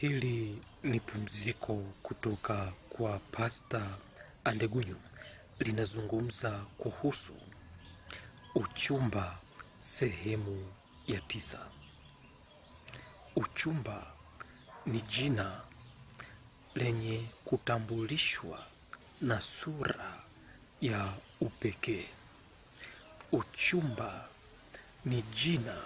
Hili ni pumziko kutoka kwa Pasta Andegunyu, linazungumza kuhusu uchumba sehemu ya tisa. Uchumba ni jina lenye kutambulishwa na sura ya upekee. Uchumba ni jina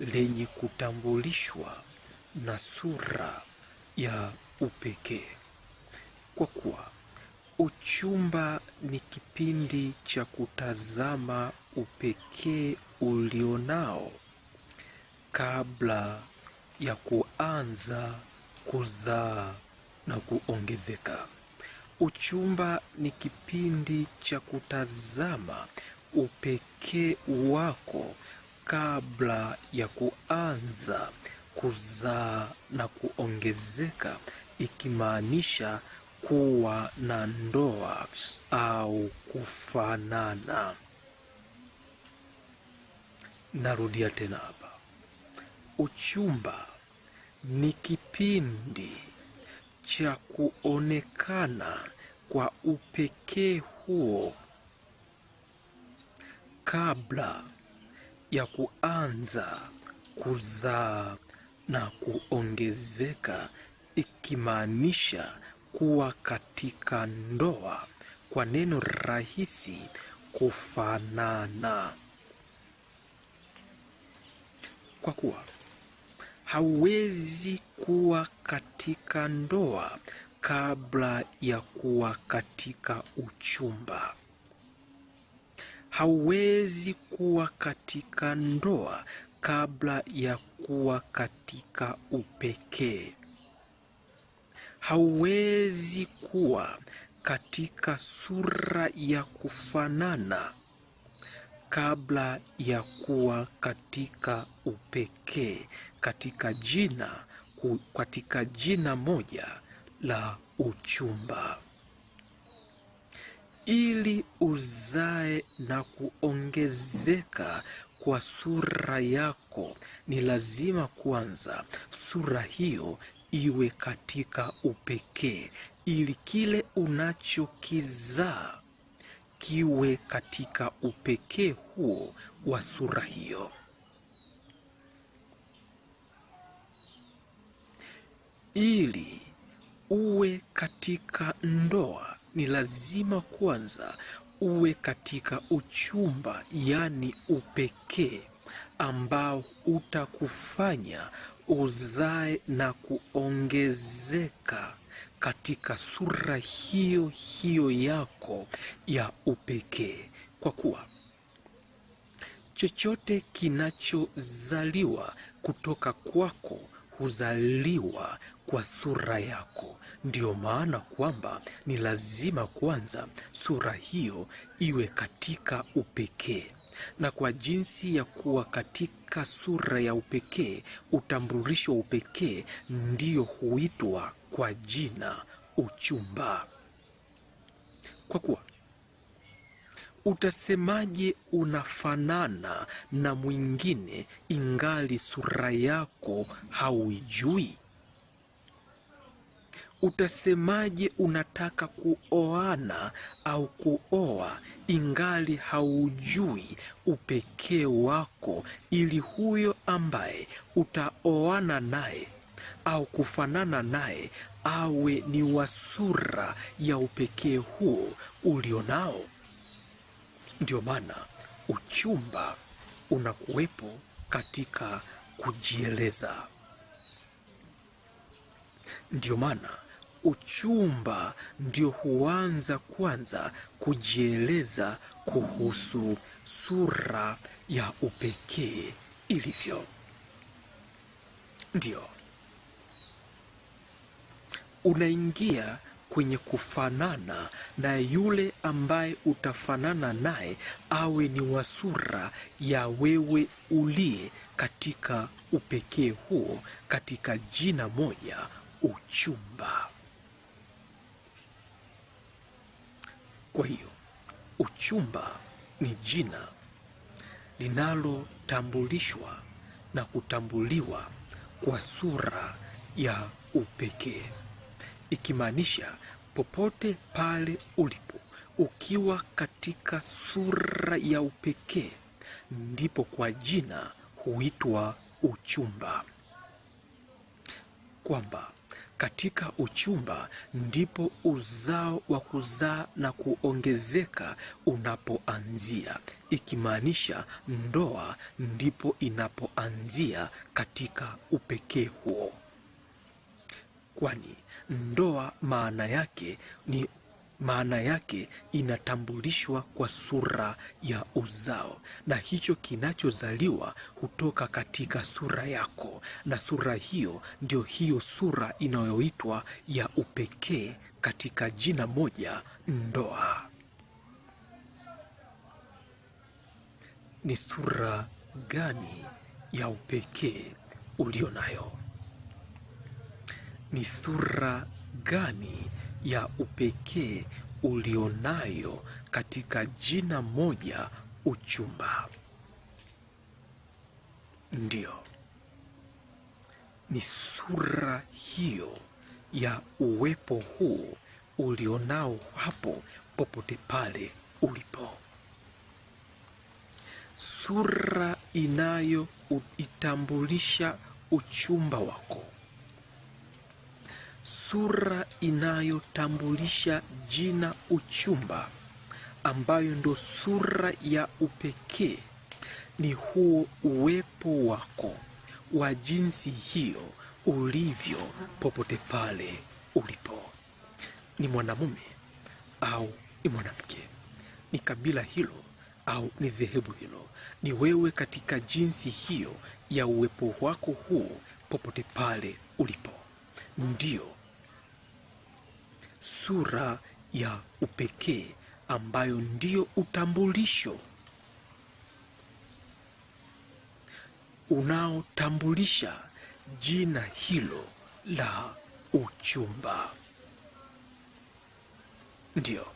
lenye kutambulishwa na sura ya upekee, kwa kuwa uchumba ni kipindi cha kutazama upekee ulionao kabla ya kuanza kuzaa na kuongezeka. Uchumba ni kipindi cha kutazama upekee wako kabla ya kuanza kuzaa na kuongezeka, ikimaanisha kuwa na ndoa au kufanana. Narudia tena hapa, uchumba ni kipindi cha kuonekana kwa upekee huo kabla ya kuanza kuzaa na kuongezeka, ikimaanisha kuwa katika ndoa, kwa neno rahisi, kufanana, kwa kuwa hauwezi kuwa katika ndoa kabla ya kuwa katika uchumba. Hauwezi kuwa katika ndoa kabla ya kuwa katika upekee, hauwezi kuwa katika sura ya kufanana kabla ya kuwa katika upekee katika jina, katika jina moja la uchumba, ili uzae na kuongezeka kwa sura yako, ni lazima kwanza sura hiyo iwe katika upekee, ili kile unachokizaa kiwe katika upekee huo wa sura hiyo. Ili uwe katika ndoa, ni lazima kwanza uwe katika uchumba, yaani upekee ambao utakufanya uzae na kuongezeka katika sura hiyo hiyo yako ya upekee, kwa kuwa chochote kinachozaliwa kutoka kwako kuzaliwa kwa sura yako. Ndiyo maana kwamba ni lazima kwanza sura hiyo iwe katika upekee, na kwa jinsi ya kuwa katika sura ya upekee, utambulisho wa upekee, ndiyo huitwa kwa jina uchumba, kwa kuwa utasemaje unafanana na mwingine ingali sura yako hauijui? Utasemaje unataka kuoana au kuoa ingali haujui upekee wako, ili huyo ambaye utaoana naye au kufanana naye awe ni wa sura ya upekee huo ulionao? Ndio maana uchumba unakuwepo katika kujieleza. Ndio maana uchumba ndio huanza kwanza kujieleza kuhusu sura ya upekee ilivyo. Ndio unaingia kwenye kufanana na yule ambaye utafanana naye, awe ni wa sura ya wewe uliye katika upekee huo, katika jina moja uchumba. Kwa hiyo uchumba ni jina linalotambulishwa na kutambuliwa kwa sura ya upekee ikimaanisha popote pale ulipo ukiwa katika sura ya upekee, ndipo kwa jina huitwa uchumba, kwamba katika uchumba ndipo uzao wa kuzaa na kuongezeka unapoanzia, ikimaanisha ndoa ndipo inapoanzia katika upekee huo kwani ndoa maana yake ni maana yake inatambulishwa kwa sura ya uzao, na hicho kinachozaliwa hutoka katika sura yako, na sura hiyo ndio hiyo sura inayoitwa ya upekee katika jina moja, ndoa. Ni sura gani ya upekee ulio nayo? Ni sura gani ya upekee ulionayo katika jina moja uchumba? ndio ni sura hiyo ya uwepo huu ulionao hapo popote pale ulipo, sura inayoitambulisha uchumba wako sura inayotambulisha jina uchumba, ambayo ndo sura ya upekee ni huo uwepo wako wa jinsi hiyo ulivyo popote pale ulipo, ni mwanamume au ni mwanamke, ni kabila hilo au ni dhehebu hilo, ni wewe katika jinsi hiyo ya uwepo wako huo popote pale ulipo ndio sura ya upekee ambayo ndio utambulisho unaotambulisha jina hilo la uchumba. Ndio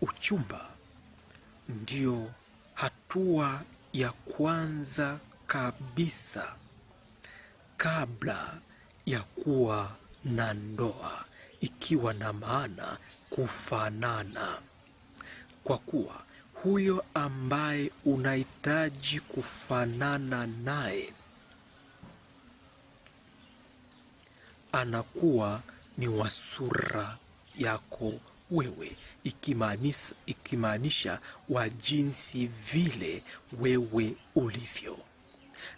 uchumba ndio hatua ya kwanza kabisa kabla ya kuwa na ndoa, ikiwa na maana kufanana, kwa kuwa huyo ambaye unahitaji kufanana naye anakuwa ni wa sura yako wewe, ikimaanisha wa jinsi vile wewe ulivyo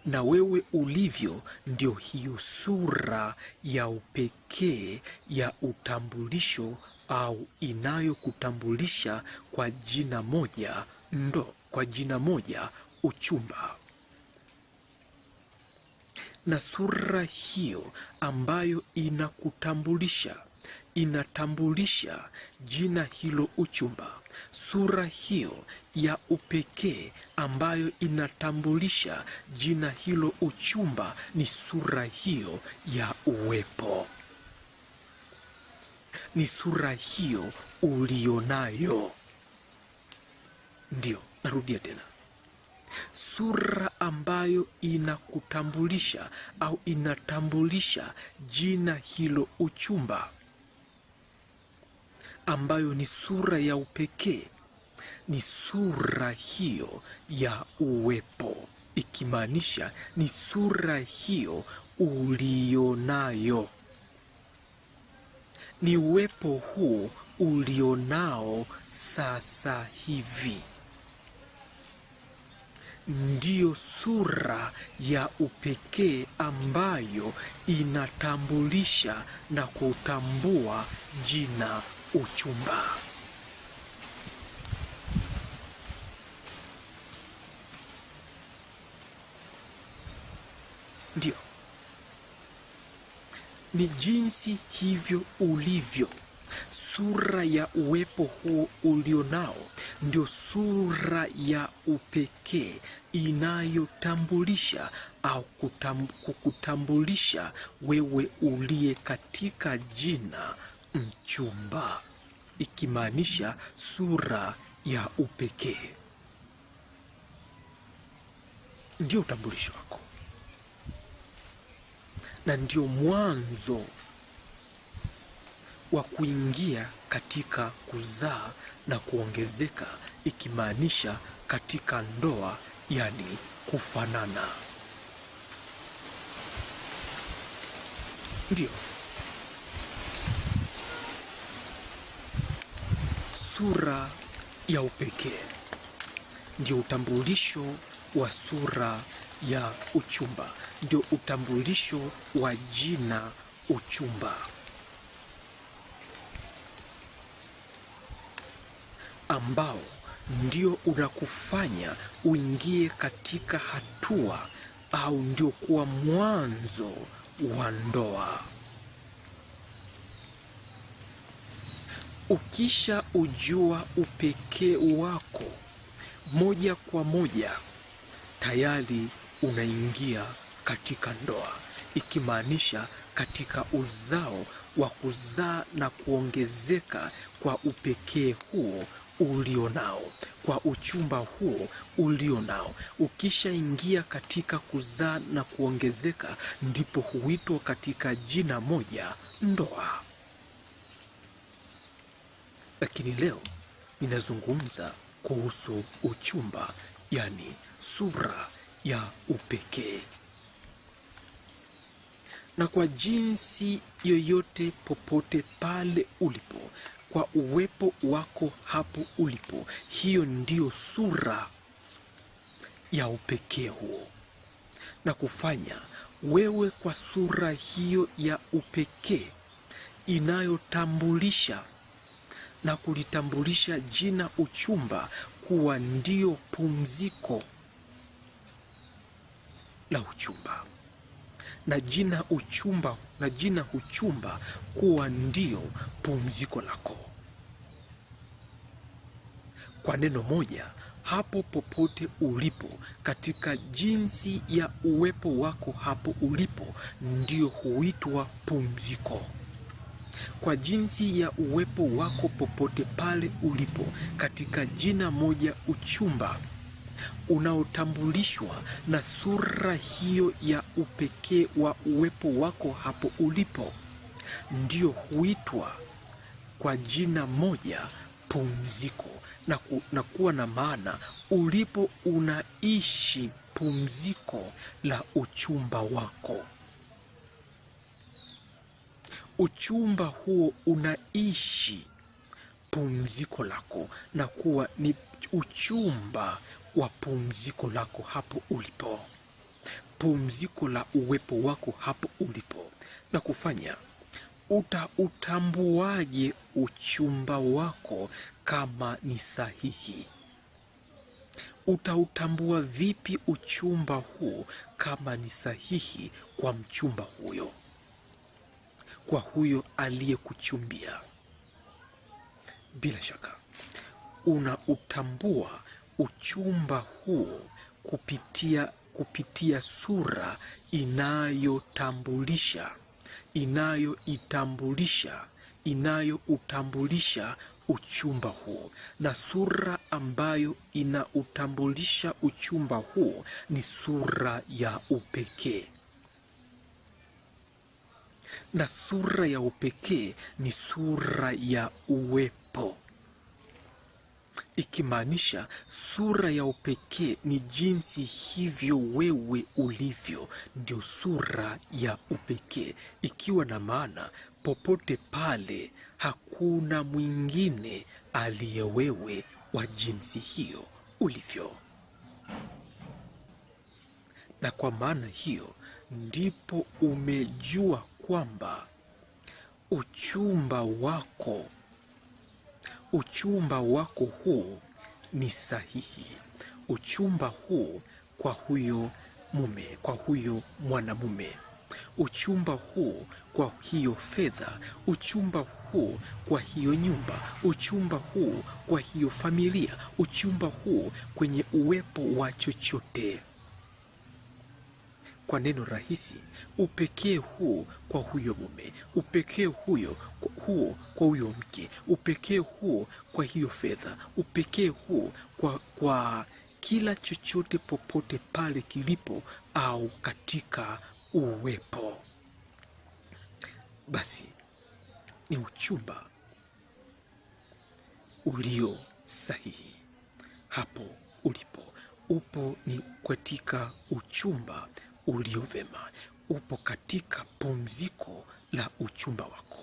na wewe ulivyo ndio hiyo sura ya upekee ya utambulisho au inayokutambulisha kwa jina moja ndo, kwa jina moja uchumba. Na sura hiyo ambayo inakutambulisha inatambulisha jina hilo uchumba Sura hiyo ya upekee ambayo inatambulisha jina hilo uchumba ni sura hiyo ya uwepo, ni sura hiyo ulionayo. Ndio, narudia tena, sura ambayo inakutambulisha au inatambulisha jina hilo uchumba ambayo ni sura ya upekee, ni sura hiyo ya uwepo, ikimaanisha ni sura hiyo ulionayo, ni uwepo huu ulionao sasa hivi ndiyo sura ya upekee ambayo inatambulisha na kutambua jina uchumba. Ndio, ni jinsi hivyo ulivyo. Sura ya uwepo huo ulionao ndio sura ya upekee inayotambulisha au kukutambulisha wewe uliye katika jina mchumba, ikimaanisha sura ya upekee. Ndio utambulisho wako na ndio mwanzo wa kuingia katika kuzaa na kuongezeka, ikimaanisha katika ndoa, yani kufanana. Ndio. sura ya upekee ndio utambulisho wa sura ya uchumba, ndio utambulisho wa jina uchumba, ambao ndio unakufanya uingie katika hatua au ndio kuwa mwanzo wa ndoa. Ukisha ujua upekee wako moja kwa moja, tayari unaingia katika ndoa, ikimaanisha katika uzao wa kuzaa na kuongezeka kwa upekee huo ulio nao kwa uchumba huo ulio nao. Ukishaingia katika kuzaa na kuongezeka, ndipo huitwa katika jina moja ndoa lakini leo ninazungumza kuhusu uchumba, yani sura ya upekee. Na kwa jinsi yoyote, popote pale ulipo, kwa uwepo wako hapo ulipo, hiyo ndiyo sura ya upekee huo na kufanya wewe kwa sura hiyo ya upekee inayotambulisha na kulitambulisha jina uchumba kuwa ndio pumziko la uchumba na jina uchumba na jina uchumba kuwa ndio pumziko lako. Kwa neno moja, hapo popote ulipo, katika jinsi ya uwepo wako hapo ulipo, ndio huitwa pumziko kwa jinsi ya uwepo wako popote pale ulipo, katika jina moja uchumba unaotambulishwa na sura hiyo ya upekee wa uwepo wako hapo ulipo, ndio huitwa kwa jina moja pumziko, na, ku, na kuwa na maana ulipo unaishi pumziko la uchumba wako uchumba huo unaishi pumziko lako na kuwa ni uchumba wa pumziko lako hapo ulipo, pumziko la uwepo wako hapo ulipo, na kufanya utautambuaje uchumba wako kama ni sahihi? Utautambua vipi uchumba huo kama ni sahihi kwa mchumba huyo? kwa huyo aliyekuchumbia. Bila shaka unautambua uchumba huo kupitia, kupitia sura inayotambulisha inayoitambulisha inayoutambulisha uchumba huo, na sura ambayo inautambulisha uchumba huo ni sura ya upekee na sura ya upekee ni sura ya uwepo, ikimaanisha sura ya upekee ni jinsi hivyo wewe ulivyo, ndio sura ya upekee, ikiwa na maana popote pale hakuna mwingine aliye wewe wa jinsi hiyo ulivyo. Na kwa maana hiyo ndipo umejua kwamba uchumba wako uchumba wako huu ni sahihi, uchumba huu kwa huyo mume, kwa huyo mwanamume, uchumba huu kwa hiyo fedha, uchumba huu kwa hiyo nyumba, uchumba huu kwa hiyo familia, uchumba huu kwenye uwepo wa chochote kwa neno rahisi, upekee huo kwa huyo mume, upekee huyo huo kwa huyo mke, upekee huo kwa hiyo fedha, upekee huo kwa, kwa kila chochote popote pale kilipo au katika uwepo. Basi ni uchumba ulio sahihi hapo ulipo. Upo ni katika uchumba ulio vema, upo katika pumziko la uchumba wako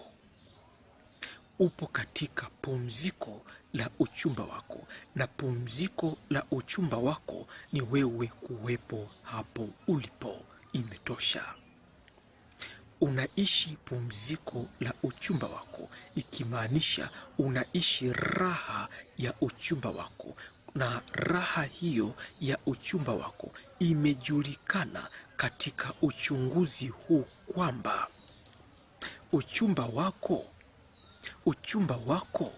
upo katika pumziko la uchumba wako, na pumziko la uchumba wako ni wewe kuwepo hapo ulipo. Imetosha. Unaishi pumziko la uchumba wako, ikimaanisha unaishi raha ya uchumba wako, na raha hiyo ya uchumba wako imejulikana katika uchunguzi huu kwamba uchumba wako uchumba wako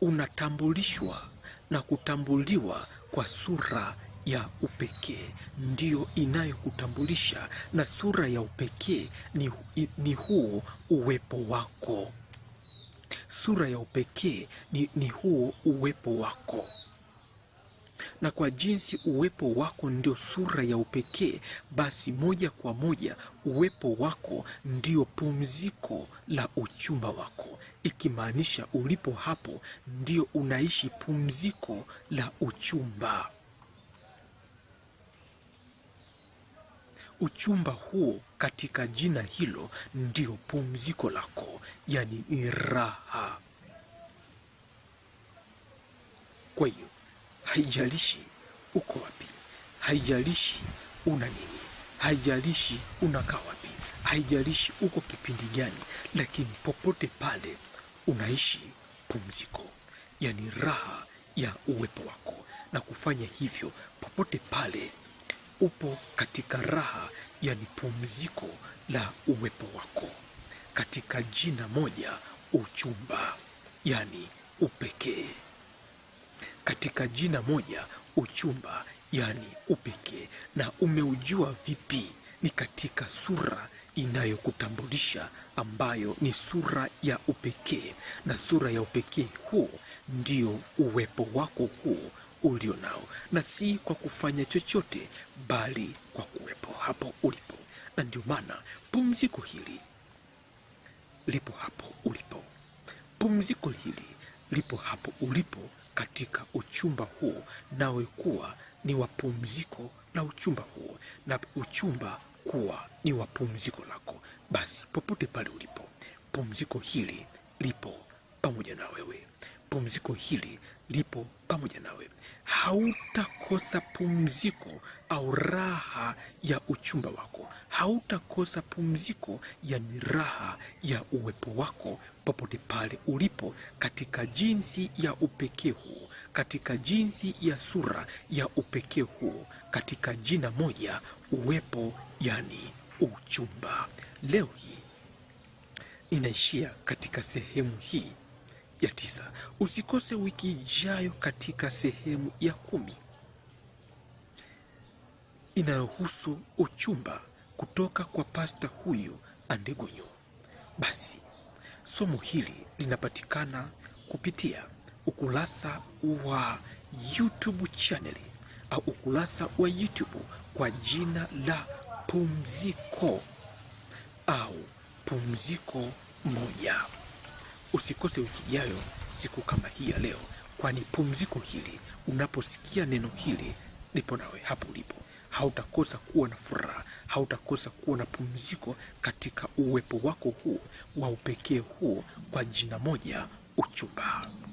unatambulishwa na kutambuliwa kwa sura ya upekee ndiyo inayokutambulisha, na sura ya upekee ni, ni huo uwepo wako. Sura ya upekee ni, ni huo uwepo wako na kwa jinsi uwepo wako ndio sura ya upekee, basi moja kwa moja uwepo wako ndio pumziko la uchumba wako, ikimaanisha ulipo hapo ndio unaishi pumziko la uchumba. Uchumba huo katika jina hilo ndio pumziko lako, yani ni raha. Kwa hiyo haijalishi uko wapi, haijalishi una nini, haijalishi unakaa wapi, haijalishi uko kipindi gani, lakini popote pale unaishi pumziko, yani raha ya uwepo wako, na kufanya hivyo popote pale upo katika raha, yani pumziko la uwepo wako katika jina moja uchumba, yani upekee katika jina moja uchumba, yani upekee. Na umeujua vipi? Ni katika sura inayokutambulisha ambayo ni sura ya upekee, na sura ya upekee huu ndio uwepo wako huu ulio nao, na si kwa kufanya chochote, bali kwa kuwepo hapo ulipo. Na ndio maana pumziko hili lipo hapo ulipo, pumziko hili lipo hapo ulipo katika uchumba huo, nawe kuwa ni wapumziko la uchumba huo, na uchumba kuwa ni wapumziko lako. Basi popote pale ulipo, pumziko hili lipo pamoja na wewe pumziko hili lipo pamoja nawe. Hautakosa pumziko au raha ya uchumba wako, hautakosa pumziko, yani raha ya uwepo wako popote pale ulipo, katika jinsi ya upekee huo, katika jinsi ya sura ya upekee huo, katika jina moja uwepo, yani uchumba. Leo hii ninaishia katika sehemu hii ya tisa. Usikose wiki ijayo katika sehemu ya kumi inayohusu uchumba kutoka kwa pasta huyu Andegunyu. Basi somo hili linapatikana kupitia ukurasa wa YouTube chaneli au ukurasa wa YouTube kwa jina la Pumziko au Pumziko Moja. Usikose wiki ijayo siku kama hii ya leo, kwani pumziko hili, unaposikia neno hili, nipo nawe hapo ulipo. Hautakosa kuwa na furaha, hautakosa kuwa na pumziko katika uwepo wako huu wa upekee huu, kwa jina moja, uchumba.